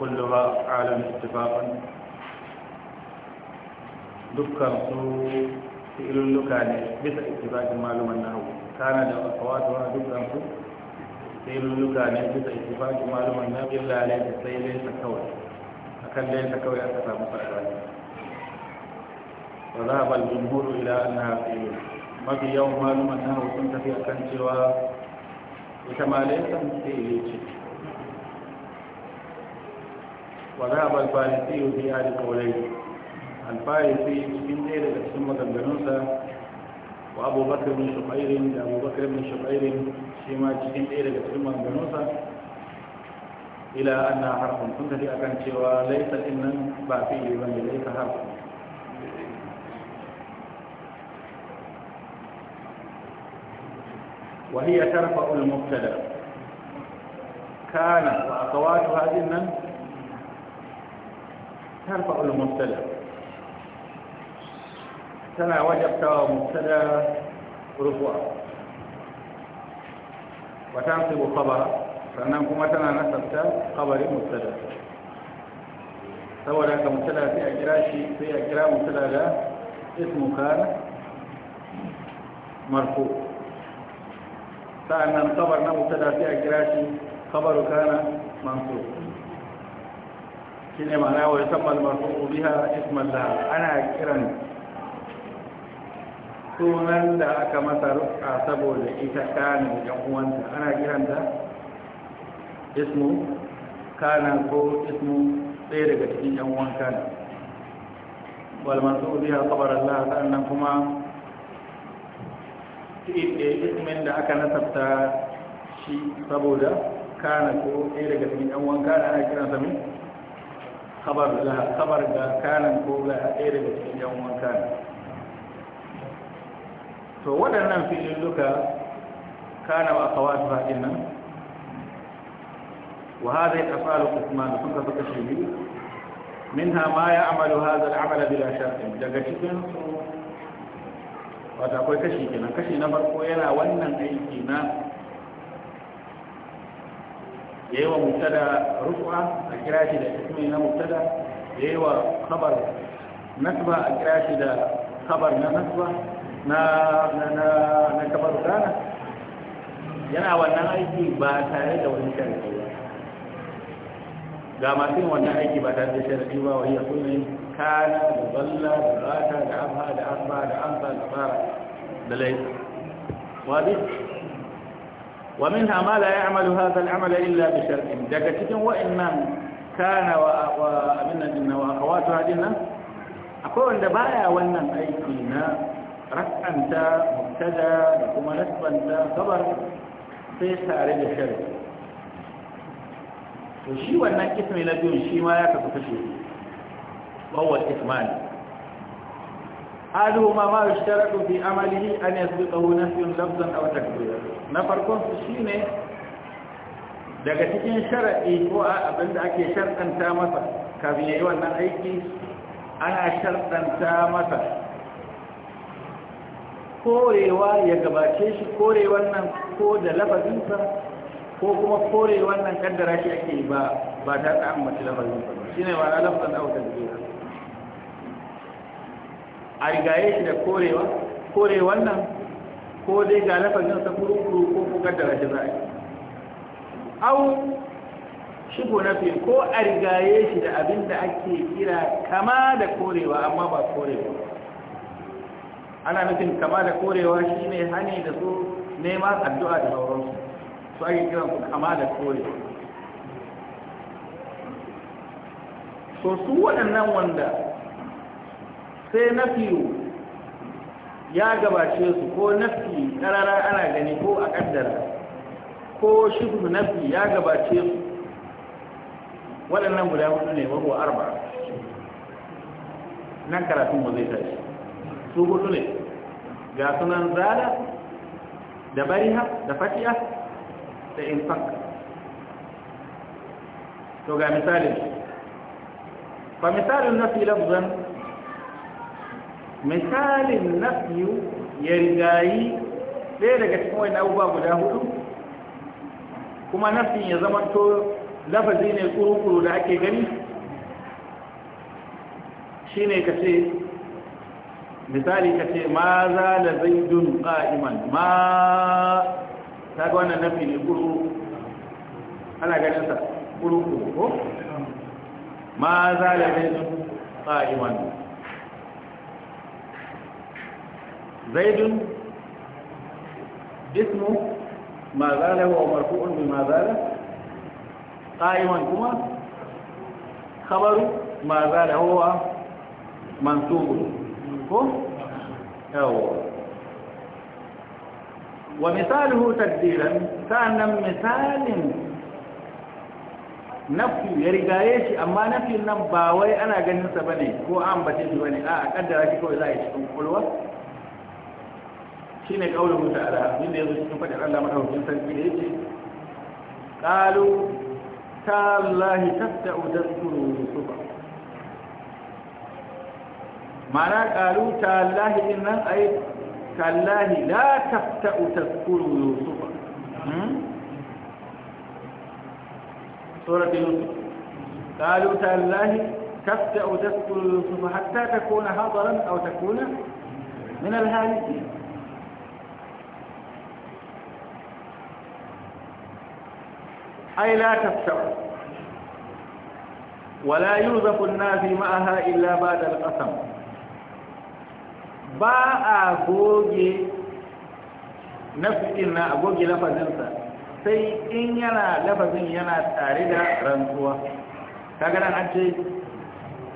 kullum alam ittifaqan dukkan su fi'ilulluka ne bisa ittifaqin maluman nahwu kana da akwatu wa dukkan su fi'ilulluka ne bisa ittifaqin maluman nahwu illa laysa sai laysa kawai akan laysa kawai aka samu sabani wa dhahaba al-jumhur ila annaha mafi yawan maluman nahwu sun tafi akan cewa ita ma laysa fi'il ce وذهب الفارسي في آل قولين الفارسي من دير السمة تنجنونسا وأبو بكر بن شقير أبو بكر بن شقير شيما جسم دير السمة تنجنونسا إلى أن حرف كنت في أكن سوى ليس إنا بافي بل ليس حرف وهي ترفع المبتدا كان وأخواتها إنا تنفع المبتدا سمع وجبت مبتدا رفوع وتنصب خبرا فانكم مثلا نسبت خبر مبتدا سواء كان مبتدا في اجراشي في اجرا مبتدا اسم كان مرفوع فان الخبر مبتدا في اجراشي خبر كان منصوب shi ne ma'ana wa yusammal marfu'u biha isman laha ana kiran sunan da aka masa rufa saboda ita kana da uwanta ana kiran da ismu kana ko ismu tsaye daga cikin yan uwan kana wal marfu'u biha khabar Allah sannan kuma ismin da aka nasabta shi saboda kana ko tsaye daga cikin yan uwan kana ana kiransa min kabar da kabar ga kanan ko ga ɗaya da cikin yan wanka to waɗannan filin duka kana wa kawatu haɗin nan wa hada ya tafalu usman sun ka suka shi biyu minha ma ya amalu hada al'amala bila shafin daga cikin su wata akwai kashi kenan kashi na farko yana wannan aiki na ya yi wa mubtada rufa a kira shi da ismi na mubtada ya yi wa kabar nasba a kira shi da khabar na nasba na Kabar Rana? yana wannan aiki ba tare da wani sharadi ba ga masu yin wannan aiki ba tare da sharadi ba ya iya yin kana da balla da rata da abha da asba da amfa, da fara da laifin wadi ومنها ما لا يعمل هذا العمل إلا بشرط دقتك وإن كان وأمنا جنة وأخواتها جنة أقول أن بايا وأن أيكينا رفعنت مبتدا لكم نسبا خبر في تعريف الشرط وشي وأن اسم لديه شي ما يكتب فشي وهو الإثمان aluhuma ma yushtaratu fi amalihi an yasbiqahu nafyun lafzan aw takbira na farkon su shine daga cikin sharadi ko abinda ake sharɗanta masa kafin yayi wannan aiki ana sharɗanta masa korewa ya gabace shi kore wannan ko da sa, ko kuma kore wannan kaddara shi ake ba ba ta da an mace lafazinsa ba shine ba na lafazin aw takbira a rigaye shi da korewa kore wannan ko dai ga lafazin sa kuru-kuru ko kukar da rashin za'a au shigo na fiye ko a rigaye shi da abin da ake kira kama da korewa amma ba korewa ana nufin kama da korewa shi ne hane da su neman addu'a da sauransu su ake kira su kama da korewa so su waɗannan wanda sai nafiyu ya gabace su ko nafi ƙarara ana gani ko a ƙaddara ko shibhu nafi ya gabace su waɗannan guda hudu ne wahu arba nan karatun mu zai tashi su hudu ne ga sunan zada da bariha da fatiya da infak to ga misalin fa misalin nafi lafzan misalin nafiyu ya rigayi ɗaya daga cikin wani abubuwa guda hudu kuma nafin ya zama to lafazi ne kurukuru da ake gani shi ne ka ce misali ka ce ma za da zaidun ƙa'iman ma ta ga wannan nafi ne kuru ana ganin sa kuru-kuru ko ma za da zaidun ƙa'iman زيد اسمه ما زال هو مرفوع بما زال قائما كما خبر ما زال هو منصوب هو ومثاله تقديرا كان مثال نفي يرجعيش يعني اما نفي النباوي انا جنسه بني هو عم بتجي بني اه قدرك كويس لا يشكون كل shi ne ƙaunar ta'ala inda ya zo cikin faɗin Allah maɗaukin sarki da yake ƙalu ta Allah tafta udaskuru yusufa ma'ana ƙalu ta Allah din nan ai ta Allah la tafta udaskuru yusufa سورة يوسف قالوا تالله تفتأ تذكر يوسف حتى تكون حضرا أو تكون من الهالكين ai la tasab wala yuzafu an-nafi ma'aha illa ba'da ba a goge nafsin na a goge lafazinsa sai in yana lafazin yana tare da rantsuwa kaga nan an ce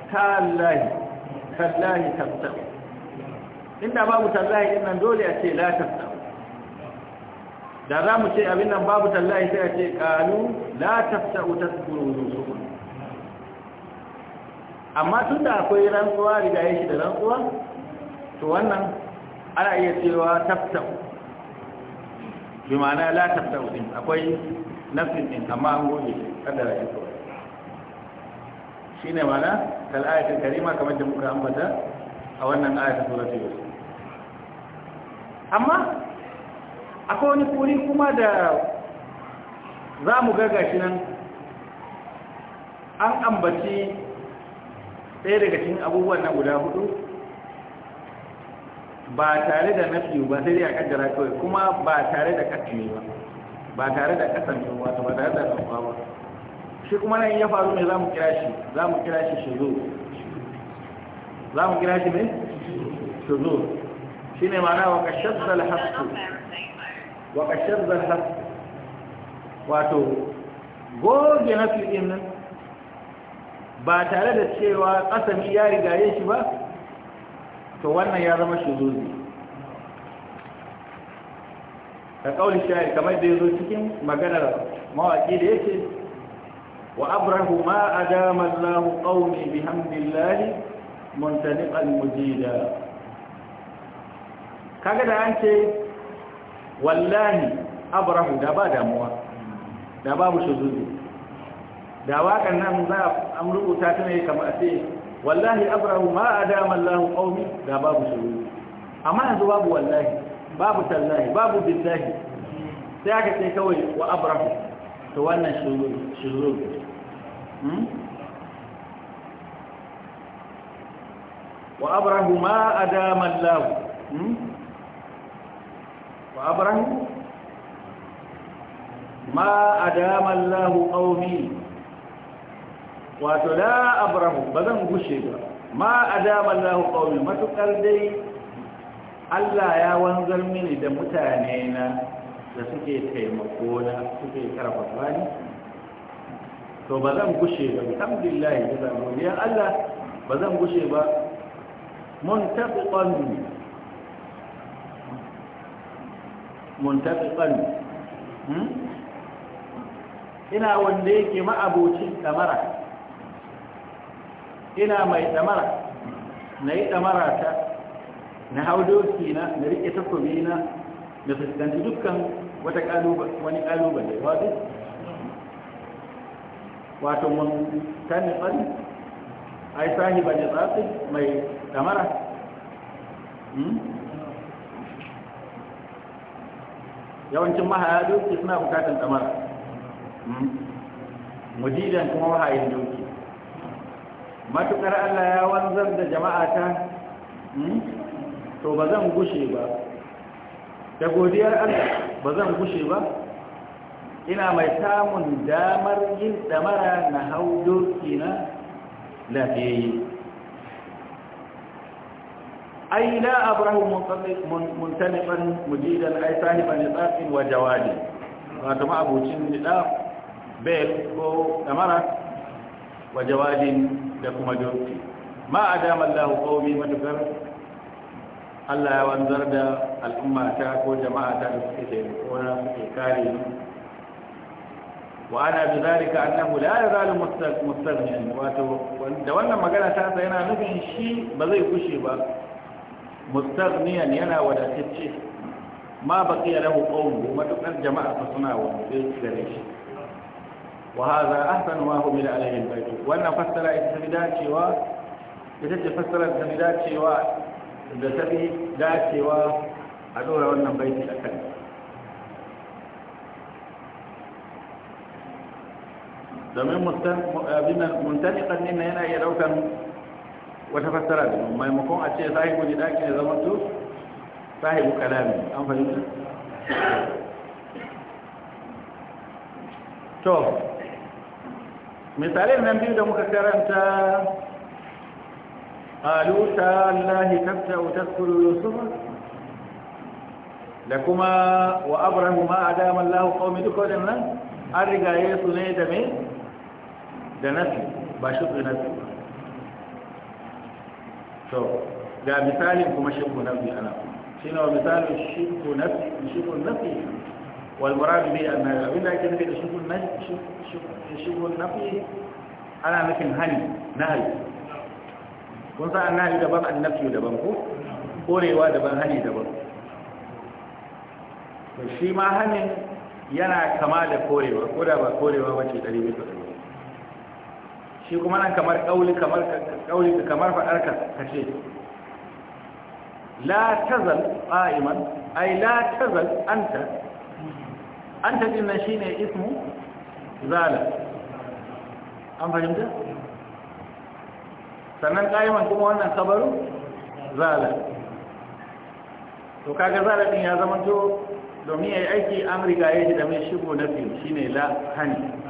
tallahi tallahi tasab inda babu tallahi din dole a ce la tasab da za mu ce abin nan babu tallahi sai a ce ƙalu la tafta'u tasburu zuwa amma tun da akwai rantsuwa riga ya shi da rantsuwa to wannan ana iya cewa tafta'u bi ma'ana la tafta'u din akwai nafsin din amma an goge kada rayu kawai shine mana kal ayatul karima kamar da muka ambata a wannan ayatul suratul yusuf amma akwai wani kuri kuma da za mu gaga shi nan an ambaci ɗaya daga cikin abubuwan na guda hudu ba tare da nafi ba sai dai kaddara kawai kuma ba tare da kasance ba ba tare da kasance ba ba tare da kafa ba shi kuma nan ya faru ne za mu kira shi za mu kira shi shizo za mu kira shi ne shizo shi ne ma'ana wa kashasar hasu wa ƙashar zarhar wato goge na fi'in nan ba tare da cewa ƙasami ya rigaye shi ba to wannan ya zama shuzuzi ka kauli shayar kamar da ya zo cikin maganar mawaƙi da yake wa abrahu ma a damar lahu ƙaumi bihamdillahi muntaniƙal mujida kaga da an ce wallahi abrahu da ba damuwa da babu shuzuzu da wakan nan za a rubuta ta ne kamar sai wallahi abrahu ma a adama Allah qaumi da babu shuzuzu amma yanzu babu wallahi babu tallahi babu billahi sai aka ce kawai wa abrahu ta wannan shuzuzu hmm? wa abrahu ma a adama Allah hmm? وأبرهن ما أدام الله قومي وتلا أبره بذن قشيبا ما أدام الله قومي ما dai Allah ya wanzar mini da mutane na da suke taimako na suke karfafa ni to ba zan gushe ba alhamdulillah ya zama Allah ba zan gushe ba muntaqan muntafiqan hmm? ina wanda yake ma'abocin damara ina mai damara na yi damara ta na hau doki na da rike takobi na da fuskanci dukkan wata wani kalubale wato wato mun tani tsari ai sahiba da tsatsi mai damara hmm? yawancin mahaya doki suna bukatun kamar hmm? mudidan kuma mahayin doki matukar Allah ya wanzar da jama'a ta hmm? to ba zan gushe ba da godiyar Allah ba zan gushe ba ina mai samun damar yin damara na hau doki na lafiyayye ai la abrahu muntalifan mujidan ai sahiban nitsafin wa jawadi wato ma'abucin nitsaf bel ko damara wa jawadin da kuma doki ma a damar lahu ƙaumi matukar allah ya wanzar da al'ummata ko jama'a ta da suke taimakona suke kare wa ana bi zalika annahu la yazalu mustaghniyan wato da wannan magana ta yana nufin shi ba zai kushe ba mustaghniyan yana wadatacce ma baki baqiya lahu qawmu matukar jama'a fa suna sai gare shi wa hadha ahsanu ma humila alayhi albayt wannan fassara ita ta dacewa ita ce fassara ta dacewa da ta bi dacewa a dora wannan baiti akan domin muntanikan ne yana iya daukan wata fassara da maimakon a ce sahibu ne daki ne zama to sahibu kalami an fahimta to misalin nan biyu da muka karanta alusa allahi tafta wa taskuru yusuf da kuma wa abrahu ma adama daman lahu kawai duk wajen nan an rigaye su ne da mai da nasi ba shi su nasi to ga misalin kuma shibbu nafi ana shine wa misalin shibbu nafi shibbu nafi wal murad bi anna abinda ake nufi da shibbu nafi shibbu nafi ana nufin hani nahi kun san annahi daban annafi daban ko korewa daban hani daban to shi ma hanin yana kama da korewa ko da ba korewa wace ɗari bisa ɗari shi kuma nan kamar kauli kamar kauli kamar kace la tazal qa'iman ay la tazal anta anta din nan shine ismu zala an fahimta sannan qa'iman kuma wannan sabaru zala to kaga zala din ya zama to domin yi aiki amrika yayi da mai shigo na shi shine la hani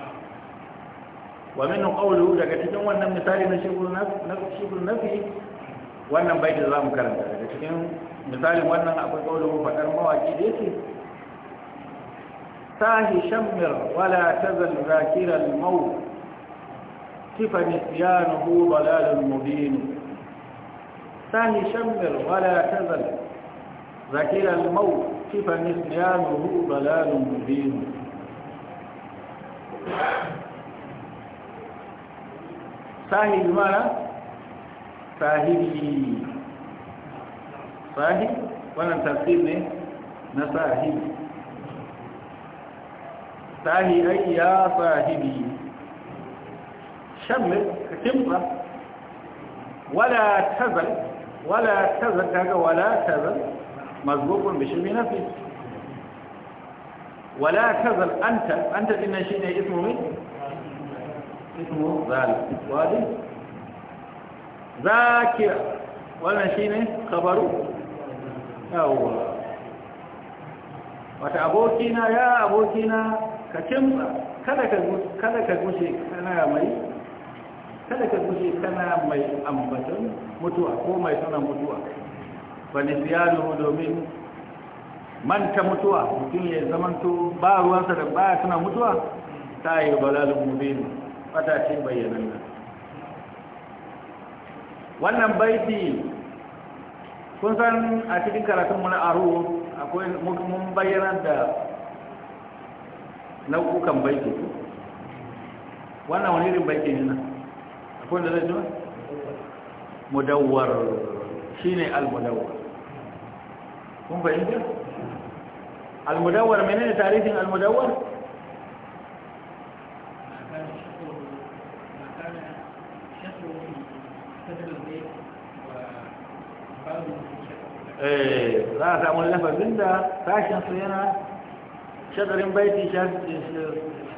wa min qawlu daga cikin wannan misali na shibul na nafi wannan bai da zamu karanta daga cikin misalin wannan akwai qawlu fadar mawaki da yake sahi shammir wala tazal zakira al shammir wala tazal zakira al tifanis ya nisyanuhu dalalun mubin sahibi mara sahibi sahi wannan tafsir ne na sahibi sahi ai ya sahibi shamil kimba wala tazal wala tazal kaga wala tazal mazbukun bi shirmi nafi wala tazal anta anta dinnan shine ismu min ismu zalik wadi zakir wannan shine kabaru yawwa wata abokina ya abokina ka cimba kada ka kada ka gushe kana mai kada ka gushe kana mai ambaton mutuwa ko mai sanan mutuwa fa nisyanu domin manta mutuwa mutum ya zamanto ba ruwansa da ba suna mutuwa ta yi balalin mubin fata ce bayyanan nan wannan baiti kun san a cikin karatunmu na aro akwai mun bayyana da nau'ukan baiti wannan wani irin baiti ne na akwai da zai jiwa mudawar shi ne almudawar kun fahimta almudawar menene tarihin almudawar za a samu lafazin da sashensa yana بيتي baiti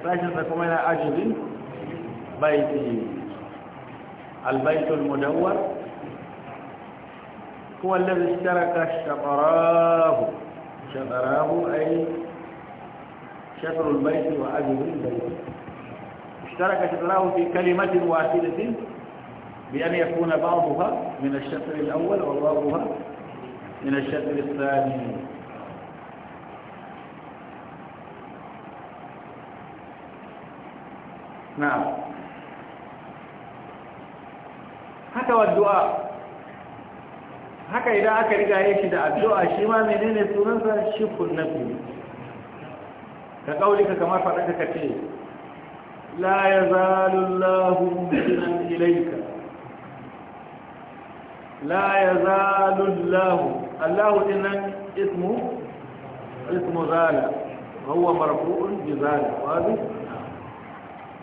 sashensa kuma yana ajibin baiti albaitul mudawar هو الذي اشترك شطراه شطراه أي شطر البيت وعجب البيت اشترك شطراه في كلمة واحدة بأن يكون بعضها من الشطر الأول وبعضها من الشطر الثاني نعم haka wa du'a haka idan aka rigaye shi da addu'a shi ma menene sunansa shukun nafi ka kaulika kamar faɗa ka la yazalu Allahu muhsinan ilayka la yazalu Allahu Allahu din nan ismu ismu zala huwa marfu'un bi zala wazi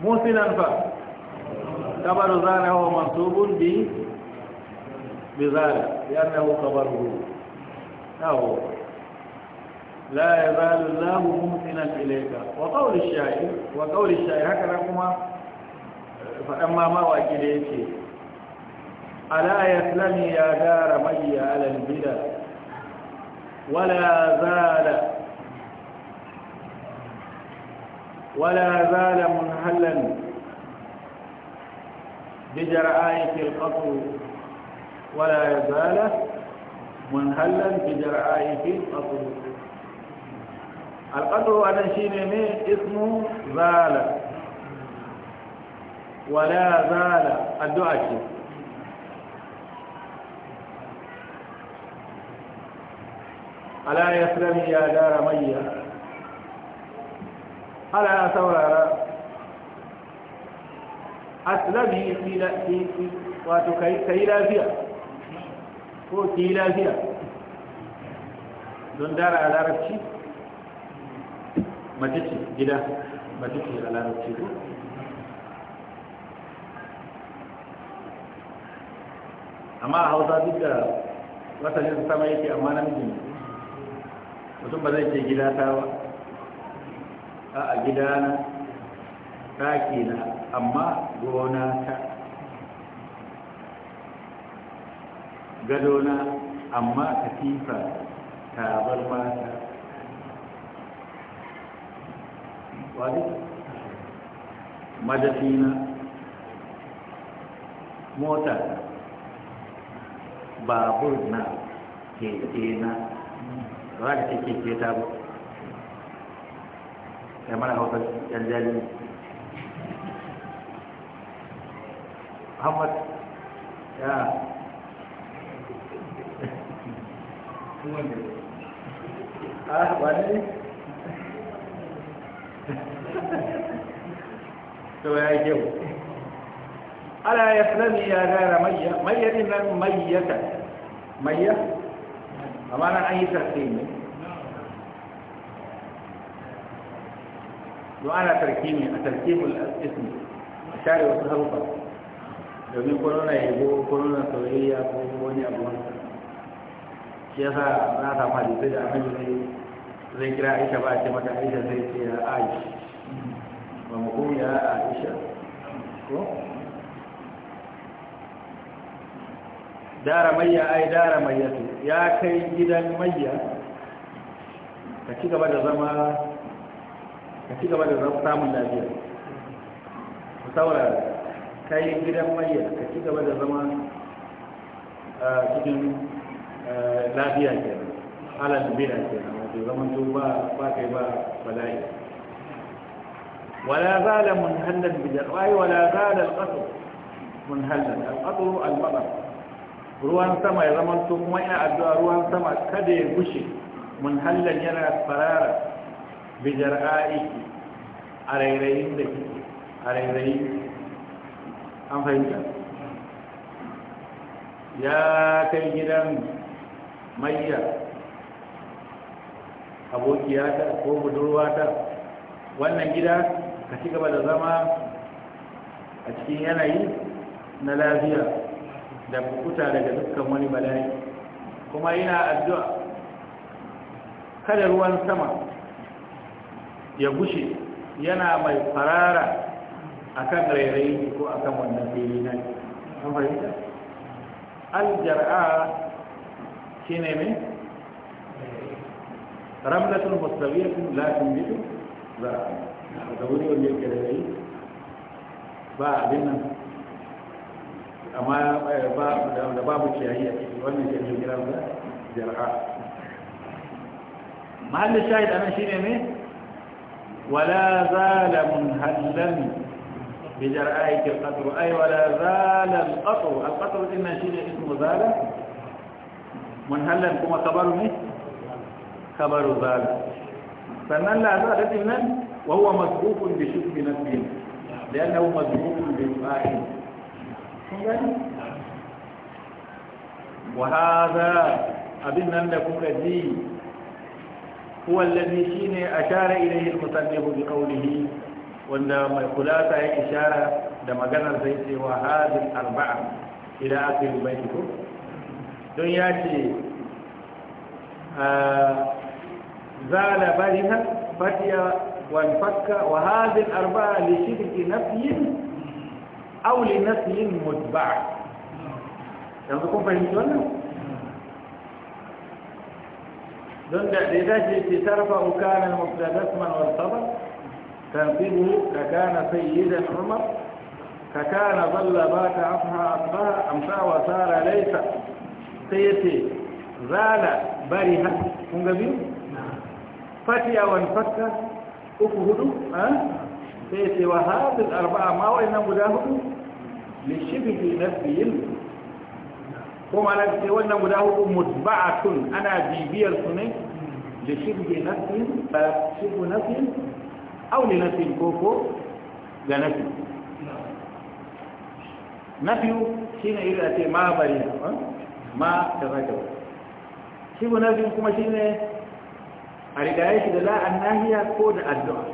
musilan fa kabaru zala huwa mansubun bi bi zala لا يزال الله ممتنا إليك وقول الشاعر وقول الشاعر هكذا كما فأما ما وأكيد ألا يسلمي يا دار مي على البلاد ولا زال ولا زال منهلا بجرعاية القتل ولا زال منهلا بجرعاية القتل القتل أنا شيني اسمه زال ولا زال الدعاء ألا يسلم يا دار ميا ألا سوار أسلم في في في وتكي كيلا فيها هو كيلا فيها دون دار على ربشي ما تشي جدا ما تشي على ربشي أما هذا ذكر وسجد سماه أمانا مجنون mutum ba zai ce gida ta ba a a gida na ɗaki na amma gona ta gado na amma katifa bar mata wadda madafi na mota babur na keke na ba da take ke ta ba ya mana hauka janjali hamad ya ba wani to ya yi kyau ala ya fulani ya gara mayyadin nan mayyata mayyata amma nan an yi tarke ne to ana tarke ne a tarkibul al'isni a share wasu harufa domin kwanona yabo na soyayya ko wani abu shi sa na samu sai da annabi ne zai kira aisha ba a ce mata aisha zai ce ya ayi ba mu kuma ya aisha ko dara mai ya ai dara mayyatu ya kai gidan mayya ka ci gaba da zama ka ci gaba da zama samun lafiya ku saura kai gidan mayya ka ci gaba da zama a cikin lafiya ke halal bida ke wato zaman to ba ba kai ba bala'i wala zala munhallan bidar wala zala alqatr munhallan alqatr almatar ruwan sama ya zama to kuma ina addu'a ruwan sama kada ya gushe mun hallan yana farara bi jar'a'iki a rairayin da kike a rairayin an fahimta ya kai gidan mayya abokiyata ko budurwata wannan gida ka ci gaba da zama a cikin yanayi na lafiya da kukuta daga dukkan wani bala'i kuma yana addu'a kada ruwan sama ya gushe yana mai farara akan rairayi ko akan wannan fili na an fahimta aljar'a shi ne mai ramlatun musamman lafin bitu za a ga wuri wanda yake rairayi ba abin nan amma da babu ciyayi a ciki wannan shi ne kiran da jar'a mahallin shahid anan shine ne wala zala munhallan bi jar'aik al-qatr ay wala zala al-qatr al-qatr inna shine ismu zala munhallan kuma kabaru ne kabaru zala sannan la zala din nan wa huwa masbuqun bi shukri nafsihi لأنه مذهوب بالفاعل wahaza abin nan da kuka ji kowallazi shi ne a share ilayin musallihu bi kaunihi wanda mai kulata ya ishara da maganar zai ce wahazin arba'a idan aka yi mai ko don ya ah, za a labari na wani fakka wahazin arba'a lishirki na fiye aw li naslin mutba' yanzu kun fahimci wannan don da da dace ce tarfa ukana al-mubtada isman wal khabar tanfibu ka kana sayyidan umar ka kana zalla ba ta afha asbaha amsa wa sara laysa sai yace zala ha? kun ga biyu fatiya wan fatka uku hudu ah sai ce wa hadin arba'a ma nan guda hudu li shibhi nafsiyin ko na ce wannan guda hudu mutba'atun ana bibiyar su ne li shibhi nafsiyin ba shibhu nafsiyin aw li nafsiyin ko ko ga nafi nafiyu shi ne a ce ma bari ma ta zaka shibhu nafsiyin kuma ne a rigaye shi da la'an nahiya ko da addu'a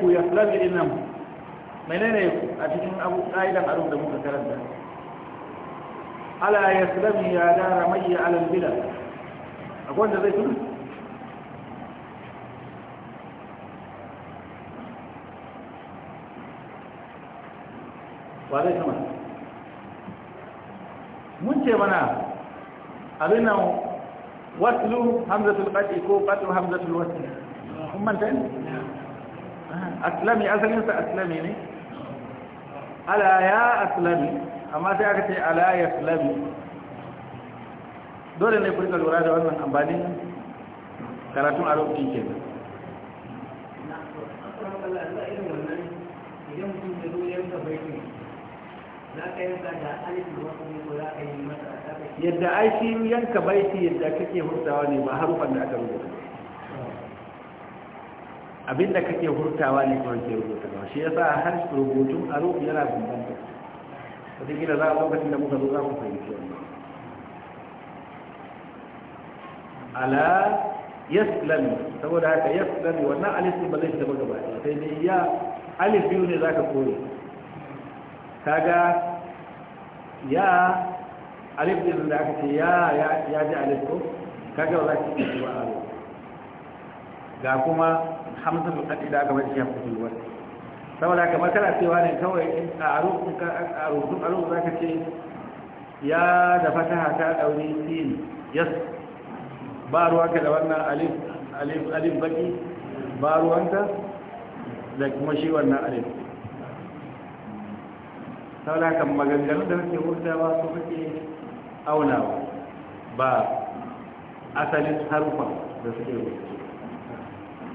ku ya fulabi din menene ku a cikin abu ƙa'idan abin da muka karanta ala ya fulabi ya dara mai ya alal bila akwai wanda zai tuni ba zai kama mun ce mana abin nan waslu hamzatul qati ko qatu hamzatul wasl kun manta ne aslami asalinsa aslami ne ala ya aslami amma sai aka ce ala ya aslami dole ne ku rika lura da wannan ambani karatun a lokacin ke nan yadda aiki yanka baiti yadda kake hurtawa ne ba harufan da aka rubuta Abin da kake hurtawa ne kawai ke rubutawa shi yasa har rubutun a rubu yana bambanta da za a lokacin da muka zo za ku fahimci wannan ala yaslan saboda haka yaslan wannan alif ba zai shiga gaba sai dai ya alif biyu ne zaka koyi kaga ya alif din da aka ce ya ya ji alif ko kaga ba za ka ci ba ga kuma hamza su kaɗi da aka mace ya fi wani saboda haka makara cewa ne kawai a rubutun arubu za ka ce ya da fataha ta ɗauri sin yas ba ruwanka da wannan alif alif alif baki ba ruwanka da kuma shi wannan alif saboda haka maganganun da kake hurtawa su kake aunawa ba asalin harufan da suke rubuta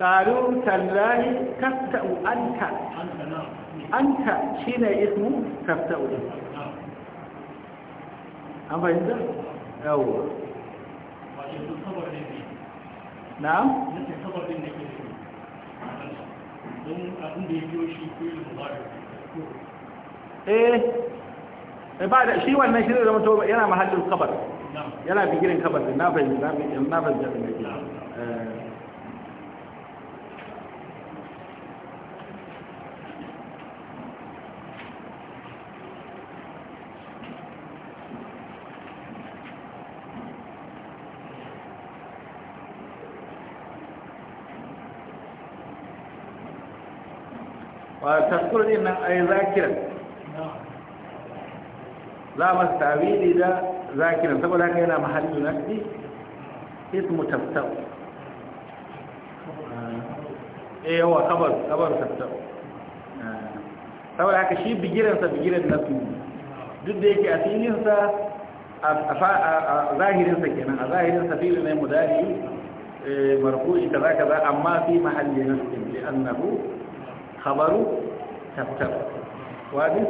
قالوا تالله تفتأ أنت أنت شين اسمه تفتأ أما أنت أو نعم eh ba shi wannan shirin da yana mahallin kabar yana bigirin kabar na fahimta na fahimta da na mashhur din nan yi zakiran za mu tawili da zakiran saboda haka yana na fi ismu tabtab e eh, yawa kabar kabar tattau saboda haka shi bigiran na fi duk da yake a filinsa a zahirinsa kenan a zahirinsa sa filin ne mudari مرفوع كذا كذا أما في محل نصب لأنه خبر tabtab wani?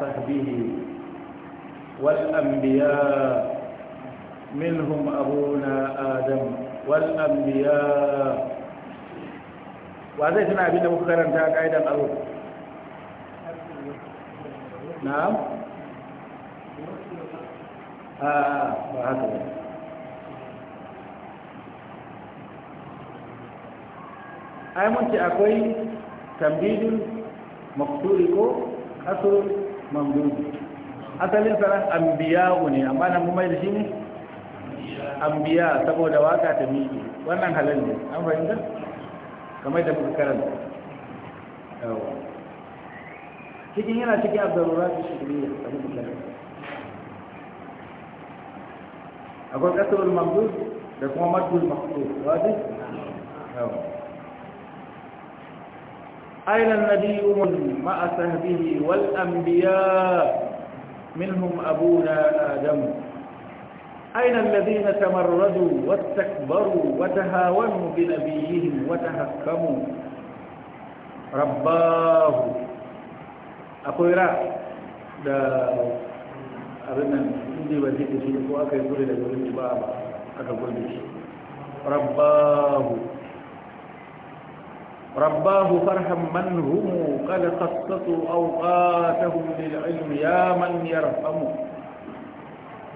وصحبه والأنبياء منهم أبونا آدم والأنبياء وهذا سنة مخيراً تاك أيضاً أروف نعم آه آه أي آه. آه، منتي أكوي تمديد مقتول كو حصر mambu asalin saran ambiya'u ne amma nan kuma da shi ne ambiya saboda waka ta miƙe wannan halal ne an fahimta kamar da muka karanta cikin yana cikin abdarura su shirya a muka karanta akwai kasarul mamdud da kuma matul maktub wajen? yawa أين النبيون مع به والأنبياء منهم أبونا آدم أين الذين تمردوا واستكبروا وتهاونوا بنبيهم وتهكموا رباه أقول رأي دا abin nan inda ba zai لك ko لك رباه رباه فرحا من هم قد قصصوا أوقاتهم للعلم يا من يرحم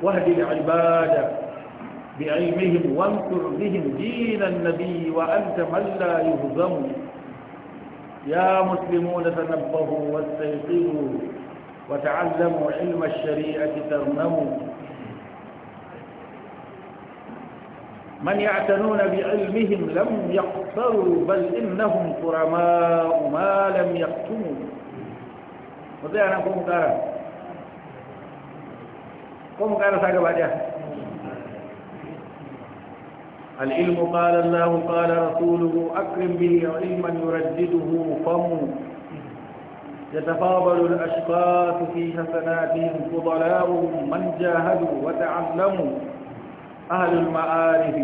واهد العباد بعلمهم وانصر بهم دين النبي وأنت من لا يهزم يا مسلمون تنبهوا واستيقظوا وتعلموا علم الشريعة ترنموا من يعتنون بعلمهم لم يقصروا تكبروا بل إنهم كرماء ما لم يقتموا وزي أنا قوم كارا قوم كارا ساقا بعدها العلم قال الله قال رسوله أكرم به علما يردده فم يتفاضل الأشخاص في حسناتهم فضلاؤهم من جاهدوا وتعلموا أهل المعارف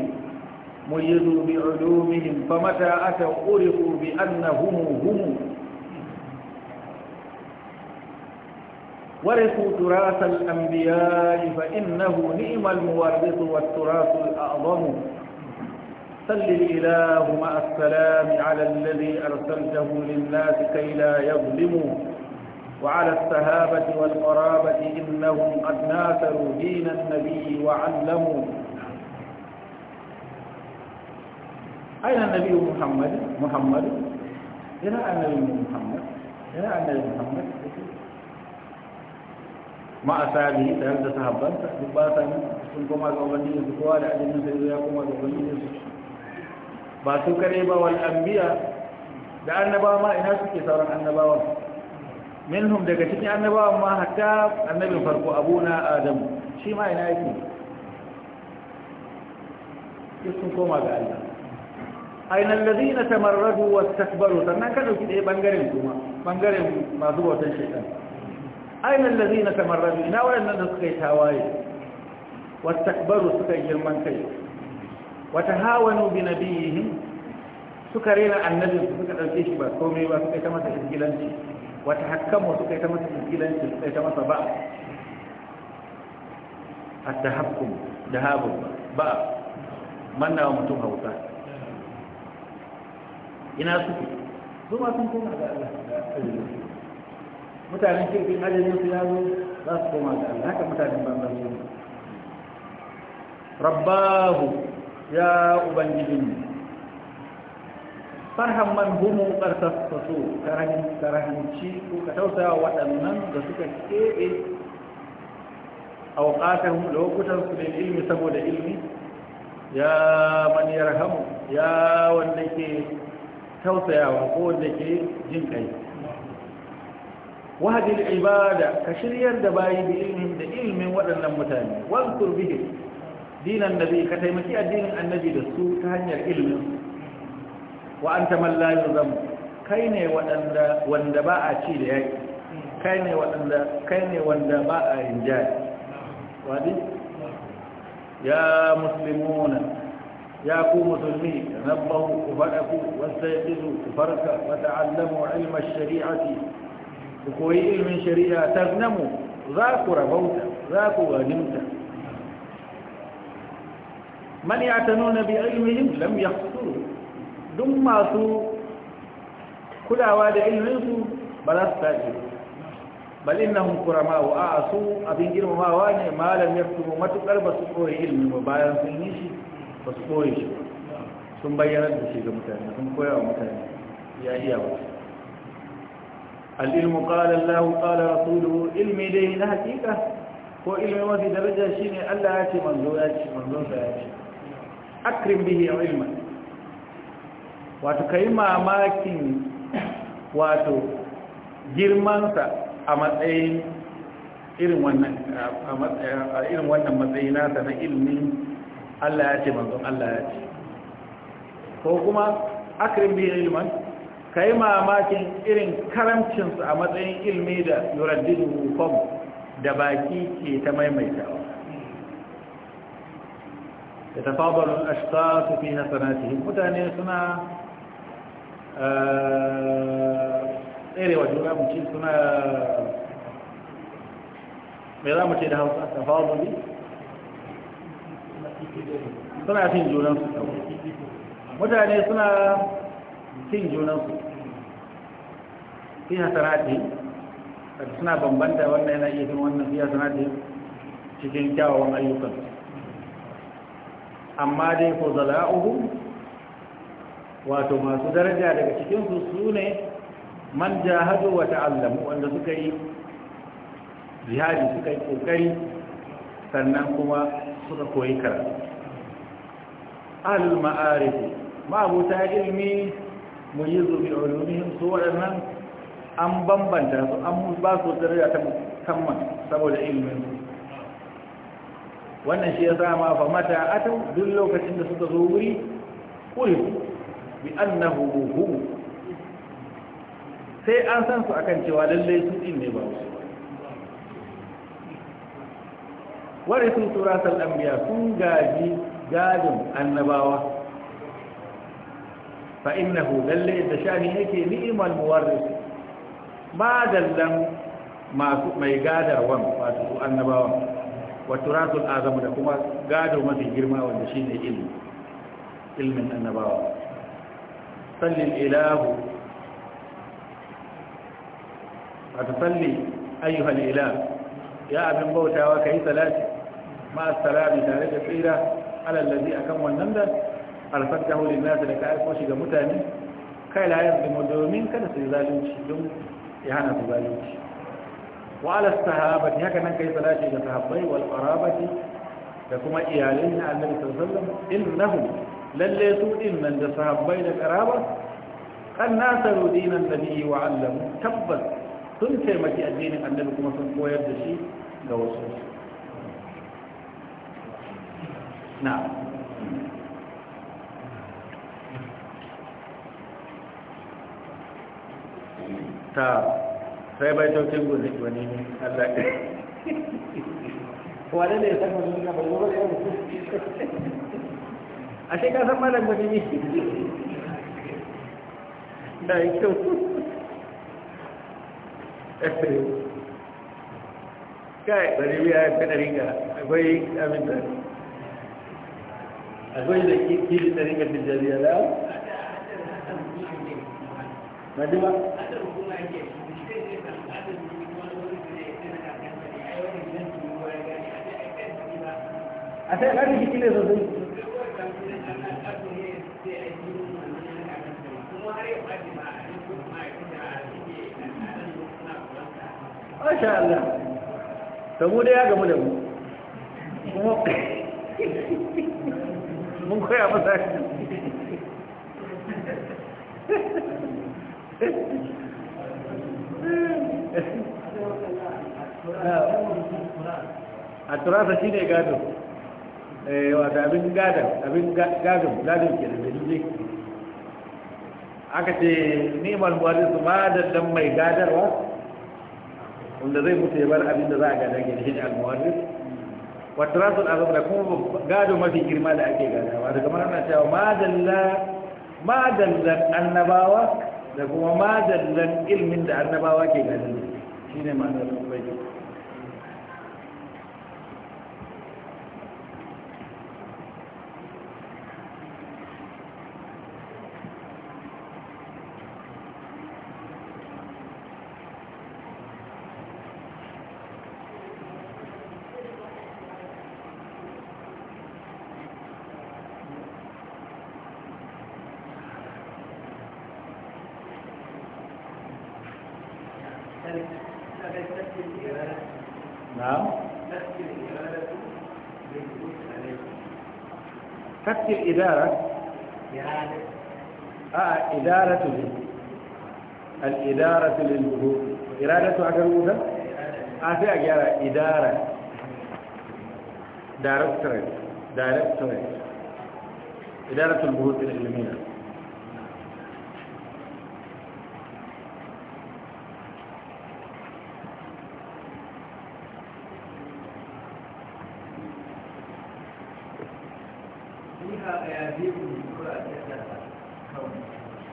ميزوا بعلومهم فمتى أتوا عرفوا بأنهم هم ورثوا تراث الأنبياء فإنه نعم المورث والتراث الأعظم صل الإله مع السلام على الذي أرسلته للناس كي لا يظلموا وعلى الصحابة والقرابة إنهم قد ناثروا دين النبي وعلموا aina nabi muhammad muhammad ina annabi muhammad ina annabi muhammad ma asabi tare da sahabbansa duk ba sa sun koma ga ubangiji su kowa da ajinin sai ya koma ga ubangiji su ba su kare ba wal anbiya da annabawa ma ina suke sauran annabawa minhum daga cikin annabawa ma hatta annabin farko abuna adamu shi ma ina yake sun koma ga Allah aina allazina tamarradu takbaru sannan ka dauki ɗaya bangaren kuma bangaren masu bautan shaitan aina allazina tamarradu ina waɗannan da suka yi tawaye takbaru suka yi girman kai wata hawanu bi nabiyihim suka rena annabi su suka dauke shi ba komai ba suka yi ta masa izgilanci wata hakkamu suka yi ta masa izgilanci suka yi ta masa ba at-tahakkum dahabu ba manna wa mutum hausa ina suke Zuma ma sun koma ga Allah mutanen kirkin ajiyar su ya zo za su koma ga Allah haka mutanen banban su rabbahu ya ubangijin farhan man humu karsasu karahinci ko ka tausaya waɗannan da suka keɓe auqatahum lokutan su da ilmi saboda ilmi ya man yarhamu ya wanda ke tausayawa ko wanda ke jin kai wahadin ibada ka shiryar da bayi da ilimin, da ilmin waɗannan mutane wankur bihi dinan nabi ka taimaki addinin annabi da su ta hanyar ilimin. wa anta man la yuzam kai ne waɗanda wanda ba a ci da yaki kai ne waɗanda kai ne wanda ba a rinjaye wadi ya muslimuna يا قوم ظلمي تنبهوا وفرقوا واستيقظوا فرقا وتعلموا علم الشريعة وكوي علم الشريعة تغنموا ذاكوا ربوتا ذاكوا غنمتا من يعتنون بعلمهم لم يخسروا دم ماسو كل عواد علمهم بلا استاجروا بل إنهم كرماء أعصوا abin جرموا ما malam yaktubu matukar ba su koyi ilmi ba bayan sun ba su koye shi sun bayyana da shi ga mutane sun koya wa mutane ya iya ba al'ilmu ƙala Allah ƙala rasulu ilmi dai na hakika ko ilmi mafi daraja shi ne Allah ya ce manzo ya ce manzonsa ya ce akrim bihi a ilma wato ka yi mamakin wato girmansa a matsayin irin wannan matsayi nasa na ilmi Allah ya ce manzon Allah ya ce ko kuma akrim bi ilman kai mamakin irin karamcin su a matsayin ilmi da yuraddidu fam da baki ke ta maimaitawa ya tafadalu al-ashqas fi hasanatihim mutane suna eh, tsere wa juna mun suna me za mu ce da hausa tafadalu suna cin junansu mutane suna cin junansu fi hasarati suna bambanta wannan yana iya cin wannan fi hasarati cikin kyawawan ayyukan amma dai ko zala'uhu wato masu daraja daga cikinsu su ne man jahadu wa ta'allamu wanda suka yi jihadi suka yi kokari sannan kuma suka koyi karatu al-ma'arifi mabuta ilmi muyizu bi ulumihim su waɗannan an bambanta su an ba su daraja ta musamman saboda ilmin wannan shi ya sa ma fa mata atu duk lokacin da suka zo wuri kuri bi annahu hu sai an san su akan cewa lalle su din ne ba su warisu suratul anbiya sun gaji gadin annabawa fa innahu lalle da shani yake ni'mal muwarris ba dallan masu mai gadarwan wato su annabawa wa turatul azam da kuma gado mafi girma wanda shine ilmi ilmin annabawa sallil ilahu wato salli ayyuhal ilah ya abin bautawa kai salati ma salami tare da tsira alallazi akan wannan da alfattahu linnas da ka aiko shi ga mutane kai la yazlimu domin kada su zalunci don ya hana su zalunci wa ala sahabati haka nan kai salati ga sahabbai wal qarabati da kuma iyalai na annabi sallallahu alaihi wasallam innahum lalle su dinnan da sahabbai da qaraba kan nasaru dinan nabi wa allamu tabbas sun taimaki addinin annabi kuma sun koyar da shi ga wasu na'am ta sai bai taukin wani Allah ka ya san a ka san malam ne da yi eh. kai bari kadari ga da akwai da kiri ta rika tijjariya da yau na ji ba a sai ƙarfi shi ne sosai Masha Allah, samu da ya gamu da mu. koya masa a turasa shi ne gado eh, wata abin gadon abin gadon gadon ke da dalilai aka ce neman wani su ma da dan mai gadarwa wanda zai mutu ya bar abin da za a gada ke da shi ne almuwaris wadrasul azab da kuma gado mafi girma da ake gadawa daga mana cewa madalla madallan annabawa da kuma madallan ilmin da annabawa ke gadawa shine ma'anar bai idara filin buhu irada su aka rubuta a sai a gyara idara directorate directorate idara tulbuhu ilmiya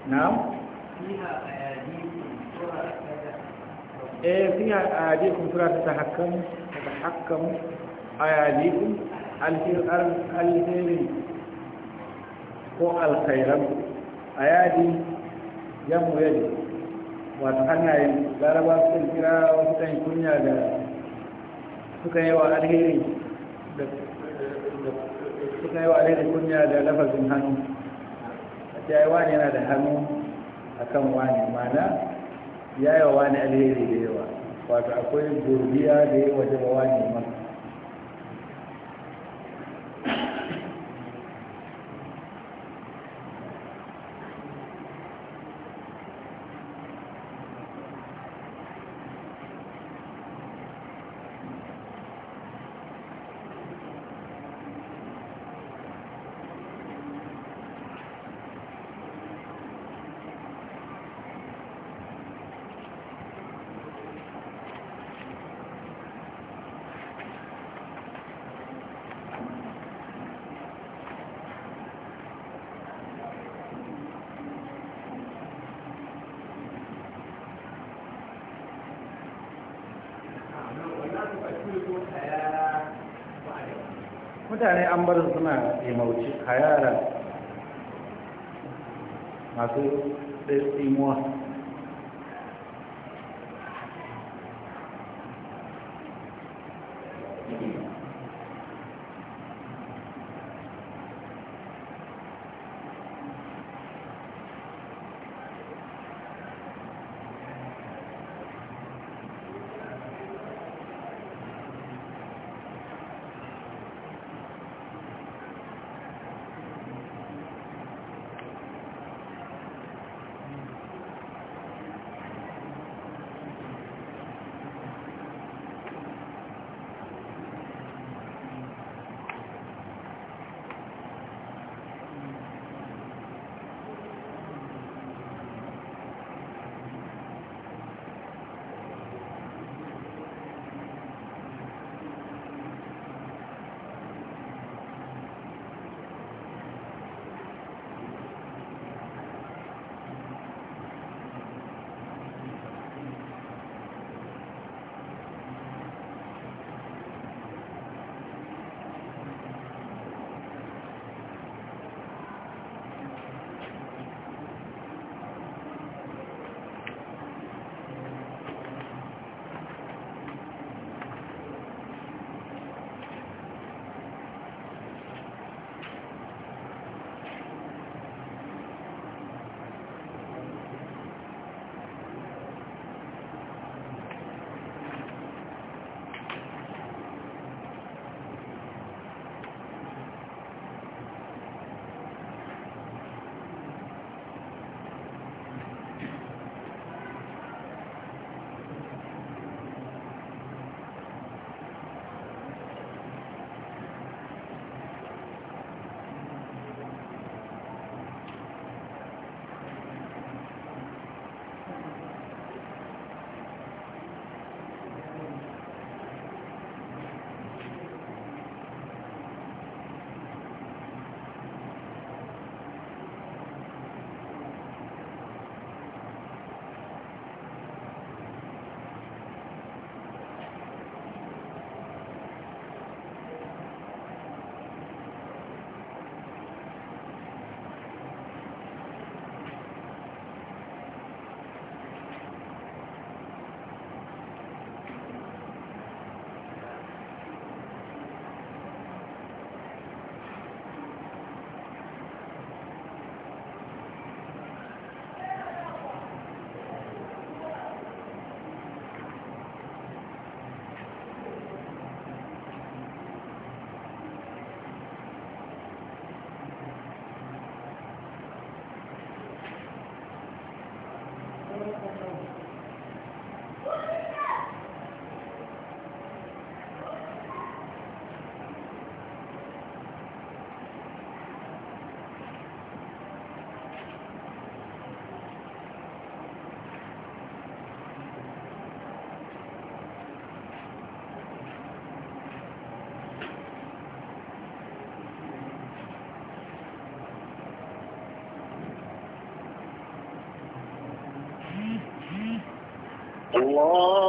Now? eh fiha ayadikum sura ta tahakkam tahakkam ayadikum alkhairin ko alkhairan ayadi yamu yadi wata hannayen laraba sun kira wasu kan kunya da suka yi wa alheri da suka yi wa alheri kunya da lafazin hannu a cewa yana da hannu akan wani mana ya yi wa wani alheri da yawa wato akwai godiya da ya waje wani mana mutane an bar suna imauci a masu ɗaya tsimuwa الله